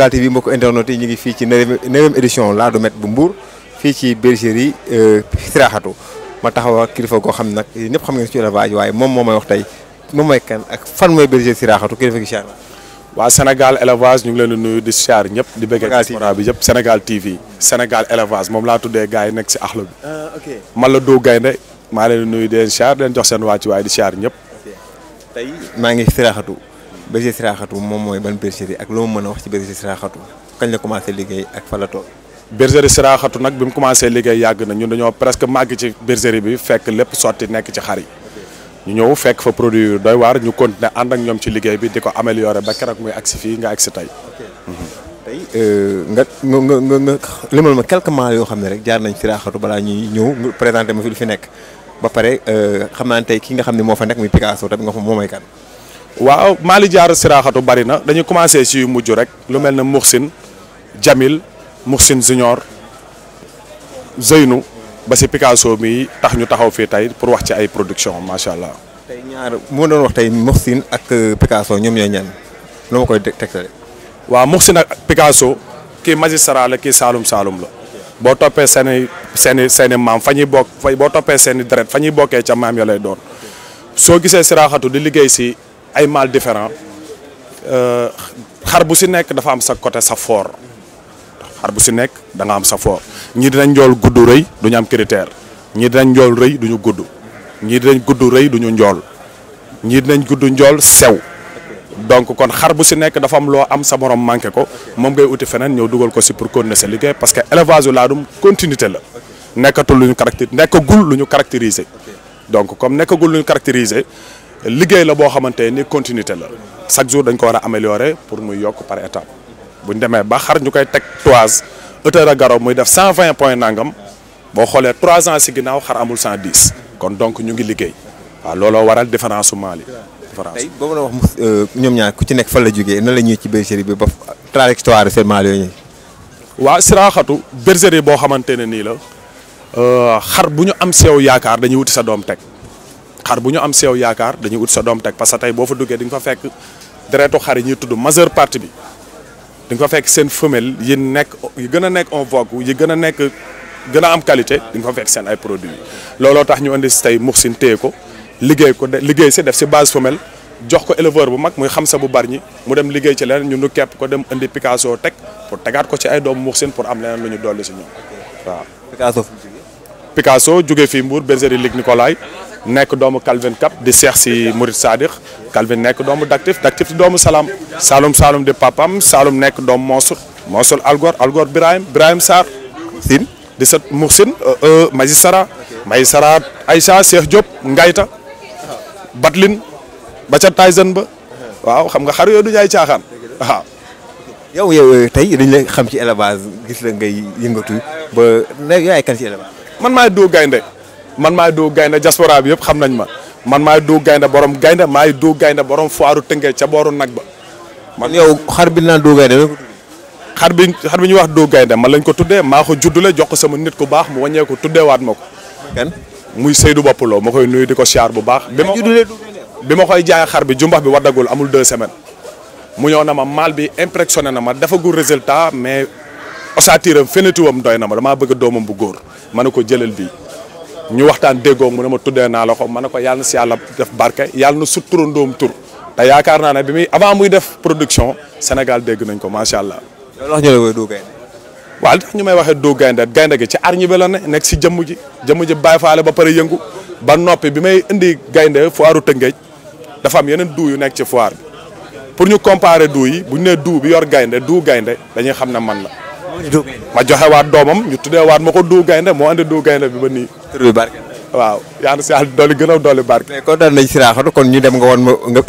Magal TV mbokk internet ñi ngi fi ci neuvième édition Ladu Met bu Mbour fi ci bergerie euh Siraxatu ma taxaw ak kilifa ko xam nak ñep xam ngeen ci élevage waaye moom moo may wax tay moom mooy kan ak fan moy bergerie Siraxatu kilifa ci siyaar wa Sénégal élevage ñu ngi leen nuyu di siyaar ñep di bëgg diaspora bi yëpp Sénégal TV Sénégal élevage mom la tuddee gaay nek ci akhlo bi euh ok man la gaay gaynde ma leen nuyu di leen siyaar leen jox seen wàcc waaye di siyaar ñep tay ma ngi Siraxatu bergerie Siraxatu moom mooy ban bergerie ak loo mën a wax ci bergerie Siraxatu kañ la commencé liggéey ak fa la toog bergerie Siraxatu nag bi mu commencé liggéey yàgg na ñun dañoo presque màgg ci bergerie bi fekk lépp sotti nekk ci xar yi ñu fekk fa produit yu doy waar ñu continuer ñoom ci liggéey bi di ko améliorer ba keroog muy agsi fii nga tey. tey euh, nga nga nga nga limal ma quelques mois yoo xam ne rek jaar nañ Siraxatu balaa ñuy ñëw présenté ma fi lu fi nekk ba pare euh, xam naa tey ki nga xam ne moo fa nekk muy Picasso tamit nga xam moom mooy kan. waaw maali jaaru siraaxatu bari na dañu commencé ci mujj rek lu mel ne Muxsin Jamil Muxsin Junior Zeynu ba si Picasso mi tax ñu taxaw fii tey pour wax ci ay production macha allah. ñaar moo doon wax tey Muxsin ak euh, Picasso ñoom ñooy ñan noo ma koy tegtale. waaw Muxsin ak Picasso kii magistrat la kii Saalum Saalum la boo toppee seen i seen i maam fa ñuy bokk boo toppee seen i deret fa ñuy bokkee ca maam ya lay doon soo gisee siraaxatu di liggéey si. ay mal différents euh, xar bu si nek dafa am sa côté sa fort xar bu si nekk da nga am sa fort ñi dinañ njool gudd rëy duñu am critère ñi dinañ njool rëy duñu gudd ñi dinañ gudd rëy duñu njool ñi dinañ gudd njool sew donc kon xar bu si nekk dafa am lo am sa morom manqué ko mom ngay uti fenen ñeu duggal ko ci pour connaître sa parce que élevage la dum continuité la nekatu luñu ñu caractér nekkagul lu caractériser donc comme nekkagul lu ñu caractériser liggéey la boo xamante ni continuité la chaque jour dañ ko war a améliorer pour muy yokk par étape bu ñu demee ba xar ñu koy teg toise hauteur a garab muy def cent vingt point nangam boo xoolee trois ans si ginnaaw xar amul cent dix kon donc ñu ngi liggéey waaw looloo waral différence su Mali différence tey boobu la wax euh, ñoom ñaar ku ci nekk fan la jógee nan la ñuy ci bergerie bi ba trajectoire seen Mali yooyu. waaw siraaxatu bergerie boo xamante ne nii la euh, xar bu ñu am sew yaakaar dañuy wuti sa doom teg. xar bu ñu am seew yaakaar dañuy ut sa doom teg parce que tey boo fa duggee di nga fa fekk deretu xar yi ñuy tudd majeure partie bi di fa fekk seen femelle yi nekk yi gën a nekk en vogue yi gën a nekk gën a am qualité di nga fa fekk seen ay produits looloo tax ñu indi tey Muxsin téye ko liggéey ko liggéey si def si base femelle jox ko éleveur bu mag muy xam sa bu bari ñi mu dem liggéey ci leen ñu ñu kepp ko dem indi Picasso teg pour tegaat ko ci ay doomu Muxsin pour am leneen lu ñu dolli si ñoom waaw. Picasso. Picasso jóge fii Mbour bergerie Ligue Nicolas nekk doomu Calvin Cap di seex si Murid Sadikh Calvin nekk doomu Daktif Daktif di doomu salaam salum Saloum de papam Saloum nekk doomu Mansour Mansour Algor Algor Birahim Birahim Sarr Sine di sa Moussine euh, euh, Magistara Magistara Aïcha Cheikh Diop Ngayta Batlin ba ca Tyson ba waaw xam nga xar yooyu du ñu caaxaan waaw. yow yow tey dañ la xam ci élevage gis la ngay yëngatu ba ne yaay kan ci élevage. man maay doo gaynde man maay du gaynde diaspora bi yëpp xam nañ ma man maay du gaynde borom gaynde maay doo gaynde borom foiru tëngee ca booru nag ba. man yow xar bi naan doo gaynde xar bi xar bi ñuy wax du gaynde man lañ ko tuddee maa ko juddu juddule jox ko sama nit ku baax mu waññeeku ko tuddeewaat ma ko. muy muy Seydou Boppaloo ma koy nuyu di ko siyaar bu baax. bi ma bi ma koy jaay xar bi jumbax bi waddagul amul deux semaine mu ñëw na ma maal bi impressionné na ma defagul résultat mais ossature am fénituwam doy na ma damaa bëgg doomam bu góor ma ne ko jëlal bii. ñu waxtaan déggoo mu ne ma tuddee naa la ko ma ne ko yàlla na si yàlla def barke yàlla na sut turandoom tur te yaakaar naa ne bi muy avant muy def production Sénégal dégg nañ ko macha allah. loolu wax ñu la koy doo ñu may waxee doo gaynde gaynde gi ci arñi bi la ne nekk si jëmm ji jëmm ji bàyyi faale ba pare yëngu ba noppi bi may indi gaynde foiru Tëngéej dafa am yeneen duu yu nekk ci foire bi pour ñu comparer duu yi bu ñu nee duu yor gaynde duu gaynde dañuy xam ne man la. ma joxe waat doomam ñu tuddee waat ma ko du gaynde moo andi duu gaynde bi ba nii. tur bi barke waaw yaa ngi si yàlla dolli gën a dolli barke. mais kontaan nañ si raaxatu kon ñu dem nga wan ma nga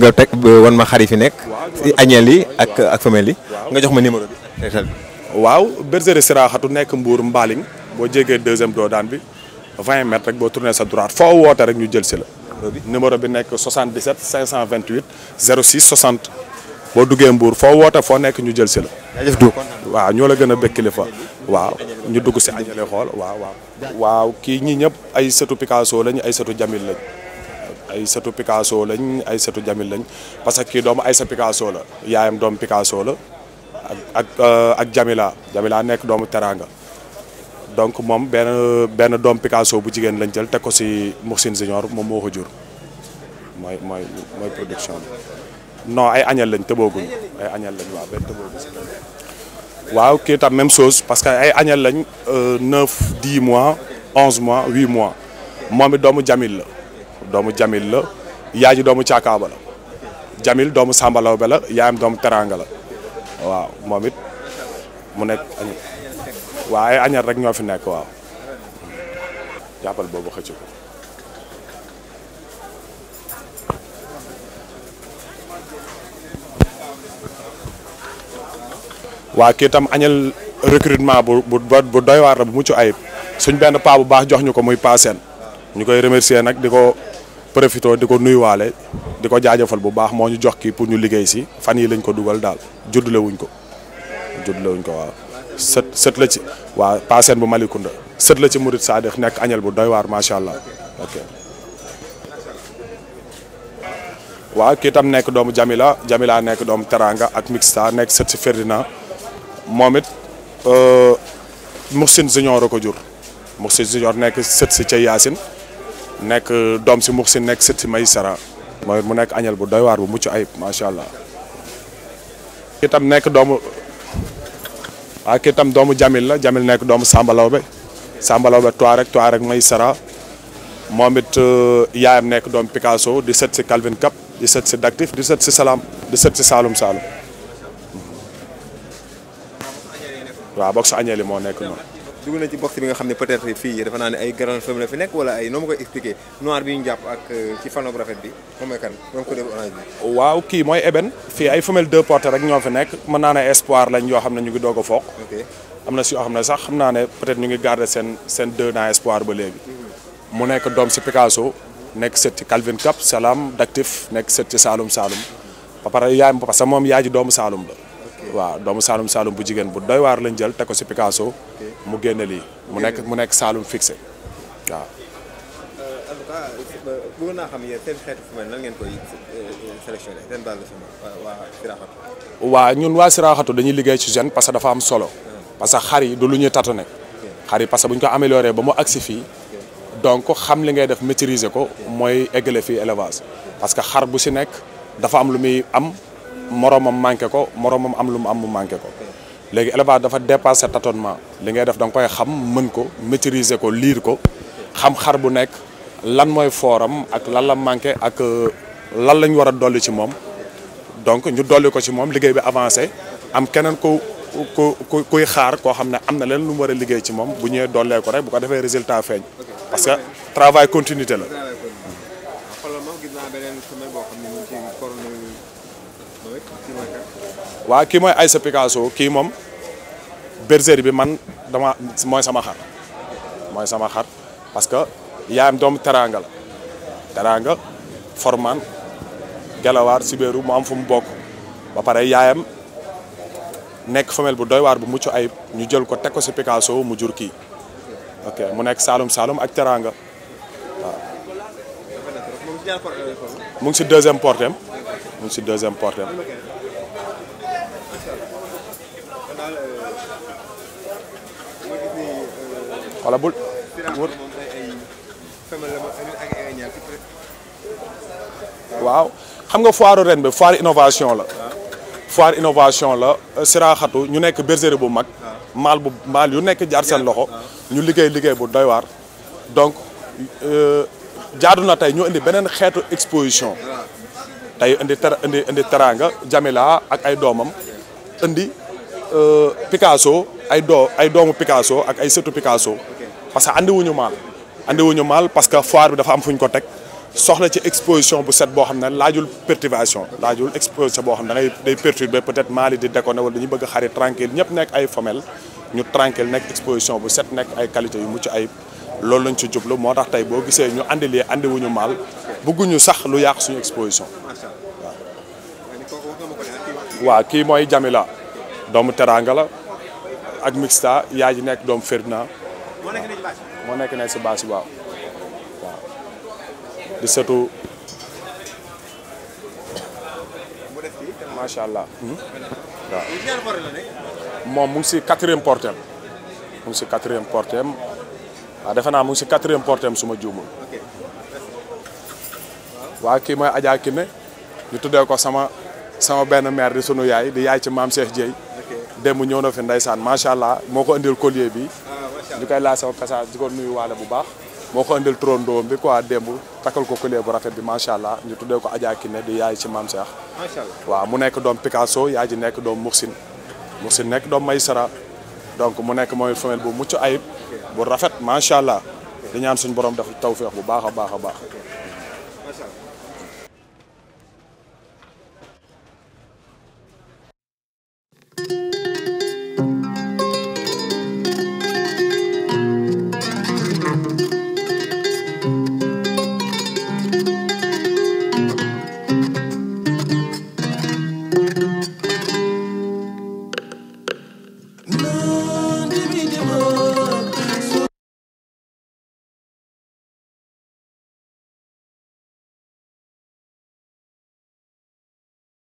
nga teg wan ma xarit fi nekk. si añeel yi ak ak nga jox ma numéro bi ak waaw bergerie Siraxatu nekk Mbour Mbaling boo jégee deuxième doodaan bi 20 rek boo tourné sa droite foo woote rek ñu jël si la. numéro bi nekk 77 528 06 60 boo duggee Mbour foo woote foo nekk ñu jël si la. jaajëf du waaw ñoo la gën a békkili fa waaw ñu dugg si añale xool waaw. waaw kii ñi ñëpp ay sëtu Picasso lañ ay sëtu Jamil lañ ay sëtu Picasso lañ ay sëtu Jamil lañ parce que kii doomu ay Picasso la yaayam doomu la ak euh, ak Jamila Jamila nekk doomu teraanga donc moom benn benn doom Picasso bu jigéen lañ jël teg ko si Moussine Junior moom moo mooy mooy mooy production bi non ay añal lañ tëbooguñ ay añal lañ waaw benn tëbooguñ si waaw kii tam même chose parce que ay añal lañ euh, neuf dix mois onze mois huit mois moom doomu Jamil la doomu Jamil la yaay ji doomu Caakaaba Jamil doomu Samba Lawbe yaayam doomu Teranga la waaw moom mu nekk añ waaw añal rek ñoo fi nekk waaw jàppal boobu xëcc wa ki tam añal recrutement bu bu bu doy war bu muccu ayib suñu ben pa bu baax jox ñuko muy paa ñukoy remercier nak diko profito diko di ko nuyuwaale bu baax moo ñu jox ki pour ñu si fan yi lañ ko duggal dal juddule wuñ ko juddule wuñ ko wa set set la ci wa bu malikunda set la ci mourid Sadikh nek añal bu doy war machallah ok. wa ki tam nek doomu Jamila Jamila nek doomu Teranga ak Mixta nek set Ferdinand moom it euh, Moussine Junior a ko jur Moussine Junior nekk sët si ca Yacine nekk doom si Moussine nekk sët si May sera mooy mu nekk añal bu doy waar bu mucc ayib macha allah. itam nekk doomu waaw kii doomu Jamil la Jamil nekk doomu Samba Lawbe Samba be toi rek toi rek May sera moom it euh, yaayam nekk doomu Picasso di sët si Calvin Cap di sët si Dactif di sët si salaam di sët si Saloum Saloum. waaw box añeel yi moo nekk noonu. dugg ci box bi nga xam ne peut-être fii dafa naa ne ay grand femme la fi nekk wala ay noo koy expliqué noir bi ñu ak euh, ci fano bu bi waaw kii mooy Eben fii ay femelle deux portées rek ñoo fi nekk mën naa ne espoir lañ yoo xam ne ñu ngi doog a foog. am na si yoo xam ne sax xam naa ne peut-être ñu ngi garder seen seen deux ans espoir ba léegi. Mhm. mu nekk doom si Picasso. nekk sët ci Calvin Cap salaam Dactif nekk sët ci Saalum Saalum ba pare yaay parce que moom yaay doomu Saalum la. waaw doomu Saalum Saalum bu jigéen bu doy waar lañ jël teg ko si Picasso mu génne lii mu nekk mu nekk Saalum fixé waaw. Euh, euh, bëgg naa xam yéen seen xeetu femelle nan ngeen koy euh, sélectionné seen base de waa Siraxatu. waaw ñun waa Siraxatu dañuy liggéey ci jeune parce que dafa am solo. Hmm. parce que xar yi du lu ñuy tâtonné. xar yi parce que buñ ko amélioré ba mu agsi fii. donc xam li ngay def maîtriser ko. mooy eggale fii élevage. parce que xar bu si nekk dafa am lu muy am. moromam manqué ko moromam am lu mu am mu manqué ko léegi élevage dafa dépassé tâtonnement li ngay def da koy xam mën ko maîtriser ko liir ko xam xar bu nekk lan mooy fooram ak lan la manqué ak euh, lan lañ war a dolli ci moom donc ñu dolli ko ci moom liggéey bi avancé am keneen ku ku ku kuy xaar koo xam ne am na leen lu mu war a liggéey ci moom bu ñëwee dollee ko rek bu ko defee résultat feeñ parce que travail continuité la wa ki moy Aïssa Picasso ki mom berger bi man dama moy sama xar moy sama xar parce que yaayam dom teranga la teranga forman galawar siberu mo am fum bok ba pare yaayam nek femelle bu doy war bu muccu ay ñu jël ko tek ko ci Picasso mu jur ki ok mu nek salum salum ak teranga mu ngi ci deuxième portem mu ngi ci deuxième portem wala boule. wër xam nga foire ren foire innovation la. foire innovation la euh, siraaxatu ñu nek bergerie bu mag. mal, bu une yu nek jaar loxo. ñu bu doy donc nous euh, jaaduna tay ñu indi exposition. Tay indi avons indi indi teranga Jamila ak ay Nous indi euh, Picasso ay do ay Picasso ak ay Picasso. parce que andiwuñu maal andiwuñu maal parce que foire bi dafa am fu ñu ko teg soxla ci exposition bu set boo xam ne laajul perturbation laajul exposition boo xam ne da ngay day perturber peut-être maal yi di déconner wala dañu bëgg a xari tranquille ñëpp nekk ay femelles ñu tranquille nekk exposition bu set nekk ay qualité yu mucc ayib loolu lañ ci jublu moo tax tey boo gisee ñu andi lee andi wuñu maal bëgguñu sax lu yàq suñu exposition waaw. waaw kii mooy Jamila doomu ak Mixta yaa ji nekk doomu Ferdinand. mo nek nii ci bass waaw waaw di setu si def ci ma sha allah. waaw mu ci si quatrième portem mu ci si quatrième portem waaw defe na mu ci si quatrième portem suma ma wa ki kii adja ki ne ñu tuddé ko sama sama ben mère di sunu yaay di yaay ci mam Cheikh djey demu ñëw na fi ma sha allah moko andil collier bi ñu koy laaj sama passage di ko nuyu waale bu baax moo ko indil trondoom bi quoi démb takkal ko collier bu rafet bi macha allah ñu tuddee ko Adja Kiné di yaay ci maam Cheikh macha waaw mu nekk doom Picasso yaay ji nekk doom Moussine Moussine nekk doom sara donc mu nekk mooy femelle bu mucc ayib bu rafet macha allah di ñaan suñu borom taw tawféex bu baax a baax a baax